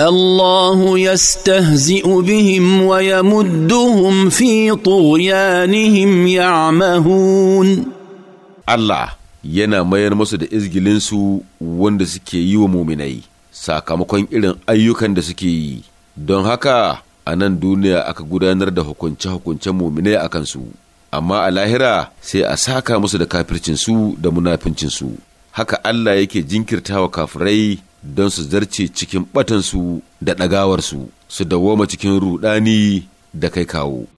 الله يستهزئ بهم ويمدهم في طغيانهم يعمهون الله yana mayar musu da izgilinsu wanda suke yi wa muminai sakamakon irin ayyukan da suke yi don haka a nan duniya aka gudanar da hukunce-hukuncen muminai a kansu amma a lahira sai a saka musu da kafircinsu da munafincinsu haka Allah yake jinkirtawa kafirai don su zarce cikin batansu da ɗagawarsu su dawoma cikin ruɗani da kai kawo